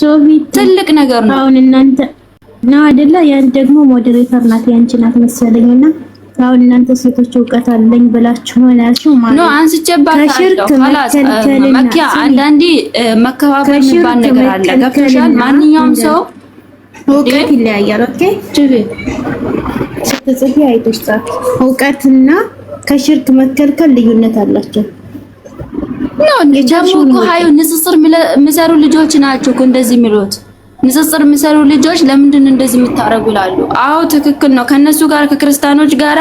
ሶፊ ትልቅ ነገር ነው። አሁን እናንተ ነው አይደለ? ያን ደግሞ ሞዴሬተር ናት ያንቺ ናት መሰለኝና አሁን እናንተ ሴቶች እውቀት አለኝ ብላችሁ ሆናችሁ ማለት ነው። አንስቼባታለሁ። ኸላስ መኪያ አንዳንዴ መከባበር የሚባል ነገር አለ። ገብቶሻል? ማንኛውም ሰው እውቀት ይለያያል። ኦኬ ስትጽፊ አይተሽ ጻፊ። እውቀትና ከሽርክ መከልከል ልዩነት አላቸው። ደግሞ እኮ ሀዩ ንጽጽር የሚሰሩ ልጆች ናቸው እንደዚህ የሚሉት። ንጽጽር የሚሰሩ ልጆች ለምንድን እንደዚህ የምታረጉ ይላሉ። አዎ ትክክል ነው። ከነሱ ጋር ከክርስቲያኖች ጋራ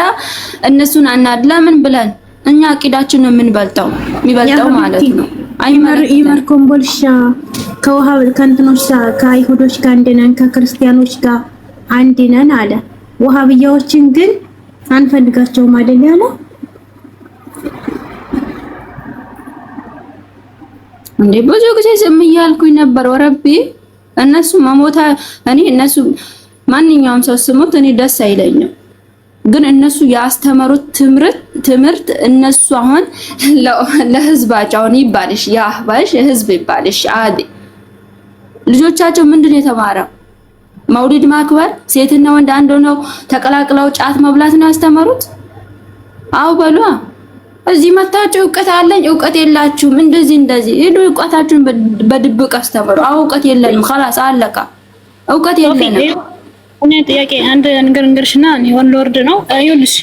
እነሱን አናድ ለምን ብለን እኛ አቂዳችን ነው የምንበልጠው የሚበልጠው ማለት ነው። ይመር ኮምቦልሻ ከውሃ ከእንትኖች ከአይሁዶች ጋር አንድ ከክርስቲያኖች ጋር አንድ አለ። ውሃብያዎችን ግን አንፈልጋቸውም አይደል ያለ እንዴ ብዙ ጊዜ ዝም እያልኩኝ ነበር። ወረቢ እነሱ መሞታ እኔ እነሱ ማንኛውም ሰው ስሞት እኔ ደስ አይለኝም። ግን እነሱ ያስተመሩት ትምህርት ትምህርት እነሱ አሁን ለህዝብ አሁን ይባልሽ ያህባሽ ህዝብ ይባልሽ አዲ ልጆቻቸው ምንድን የተማረው መውሊድ ማክበር ሴትና ወንድ አንድ ሆነው ተቀላቅለው ጫት መብላት ነው ያስተመሩት አው በሏ እዚህ መታችሁ እውቀት አለኝ እውቀት የላችሁም፣ እንደዚህ እንደዚህ ሄዱ። እውቀታችሁን በድብቅ አስተምሩ። አሁ እውቀት የለንም፣ ከላስ አለቃ። እውቀት የለንም። እኔ ጥያቄ አንድ ነገር እንግርሽና ወን ወንድ ነው። ይኸውልሽ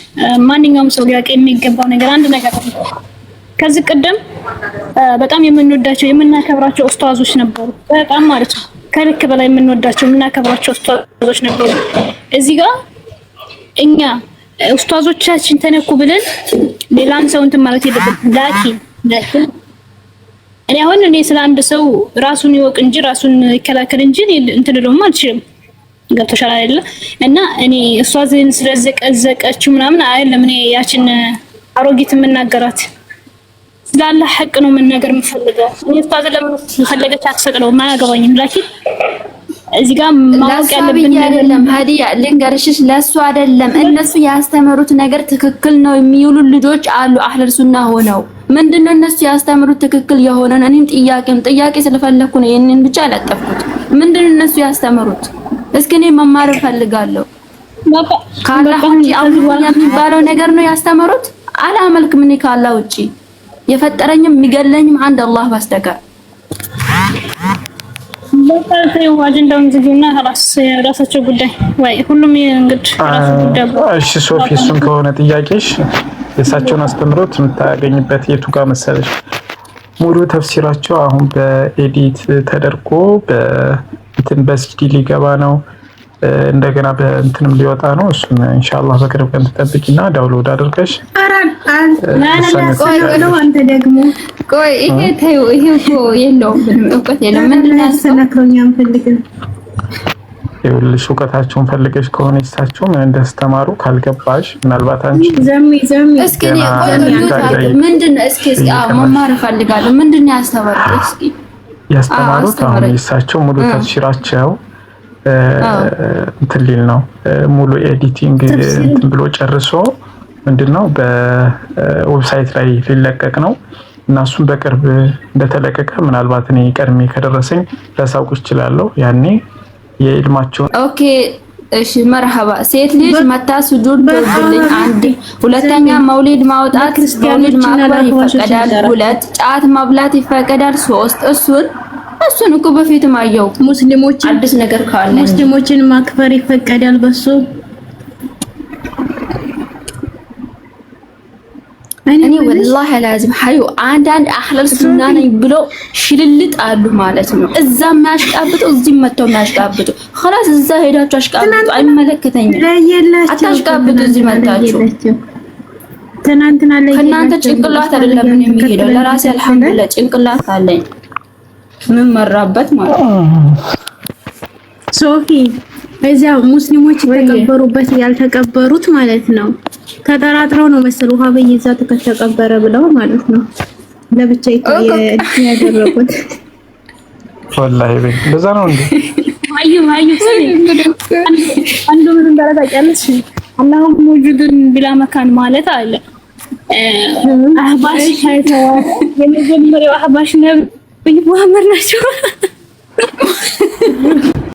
ማንኛውም ሰው ሊያውቅ የሚገባው ነገር አንድ ነገር ከዚህ ቀደም በጣም የምንወዳቸው የምናከብራቸው ኡስታዞች ነበሩ። በጣም ማለት ከልክ በላይ የምንወዳቸው የምናከብራቸው ኡስታዞች ነበሩ። እዚህ ጋር እኛ ኡስታዞቻችን ተነኩ ብለን ሌላም ሰው እንትን ማለት የለበትም። ላኪን ላኪን እኔ አሁን እኔ ስለ አንድ ሰው ራሱን ይወቅ እንጂ ራሱን ይከላከል እንጂ እንትን ልለውም አልችልም። ገብቶሻል አይደለ? እና እኔ እሷ ዝን ስለዘቀዘቀችው ምናምን አይደለም እኔ ያችን አሮጊት የምናገራት ስላለ ሀቅ ነው ነገር የምፈልገው እኔ እሷ ለምን ፈለገች አትፈቅደውም አያገባኝም ላኪን እዚህ ጋር ማወቅ ያለብን አይደለም ሀዲያ ልንገርሽሽ፣ ለሱ አይደለም እነሱ ያስተምሩት ነገር ትክክል ነው የሚውሉ ልጆች አሉ። አህለል ሱና ሆነው ምንድነው እነሱ ያስተምሩት ትክክል የሆነ ነው። እኔም ጥያቄም ጥያቄ ስለፈለኩ ነው ይሄንን ብቻ አላጠፍኩት። ምንድነው እነሱ ያስተምሩት? እስኪ እኔ መማር እፈልጋለሁ። ካላህ ውጪ የሚባለው ነገር ነው ያስተምሩት። አላመልክም እኔ ካላህ ውጪ የፈጠረኝም የሚገለኝም አንድ አላህ በስተቀር አጀንዳውን ዝጊውና የራሳቸው ጉዳይ ወይ ሁሉም እንግዲህ እሺ ሶፊ፣ እሱን ከሆነ ጥያቄሽ የእሳቸውን አስተምሮት የምታገኝበት የቱ ጋር መሰለሽ? ሙሉ ተፍሲራቸው አሁን በኤዲት ተደርጎ በእንትን ሊገባ ነው። እንደገና በእንትንም ሊወጣ ነው። እሱን እንሻላ በቅርብ ቀን ትጠብቂና ዳውንሎድ አድርገሽ አንተ ደግሞ ቆይ ይሄ ተይው፣ ይሄ እኮ የለውም ምንም እውቀት የለውም። ምንድን ይኸውልሽ እውቀታቸውን ፈልገሽ ከሆነ ይሳቸው ምን እንዳስተማሩ ካልገባሽ ምናልባት አንቺ እስኪ ምንድን እስኪ መማር እፈልጋለሁ። ምንድን ያስተማሩት? እስኪ ያስተማሩት አሁን ይሳቸው ሙሉ ተሽራቸው ትሊል ነው ሙሉ ኤዲቲንግ እንትን ብሎ ጨርሶ ምንድነው በዌብሳይት ላይ ሊለቀቅ ነው እና እሱም በቅርብ እንደተለቀቀ ምናልባት እኔ ቀድሜ ከደረሰኝ ላሳውቅ እችላለሁ። ያኔ የዕልማቸውን ኦኬ እሺ መርሃባ። ሴት ልጅ መታ ሱጁድ ትወርድልኝ። አንድ ሁለተኛ መውሊድ ማውጣት መውሊድ ማክበር ይፈቀዳል። ሁለት ጫት መብላት ይፈቀዳል። ሶስት እሱን እሱን እኮ በፊትም አየው። ሙስሊሞችን አዲስ ነገር ካለ ሙስሊሞችን ማክበር ይፈቀዳል በሱ እኔ ወላሂ አልያዝም ሀዩ አንዳንድ አህለል ሱና ነኝ ብሎ ሽልልጥ አሉ ማለት ነው። እዛ የሚያሽቃብጡ እዚህ መጥተው የሚያሽቃብጡ ኸላስ እዛ ሄዳችሁ አሽቃብጡ፣ አይመለከተኝም። አታሽቃብጡ እዚህ መታችሁ። ከእናንተ ጭንቅላት አይደለም የሚሄደው። ለራሴ አልሐምዱሊላህ ጭንቅላት አለኝ። ምን ማለት ነው። ሶፊ ሙስሊሞች የተቀበሩበት ያልተቀበሩት ማለት ነው። ተጠራጥረው ነው መሰል ውሃ በየዛ ከተቀበረ ብለው ማለት ነው። ለብቻ ያደረጉት ወላሂ ነው እንዴ? አዩ አዩ አንዱ ምን አላሁም ሙጁድን ቢላ መካን ማለት አለ አህባሽ የመጀመሪያው አህባሽ ነብይ ሙሀመድ ናቸው።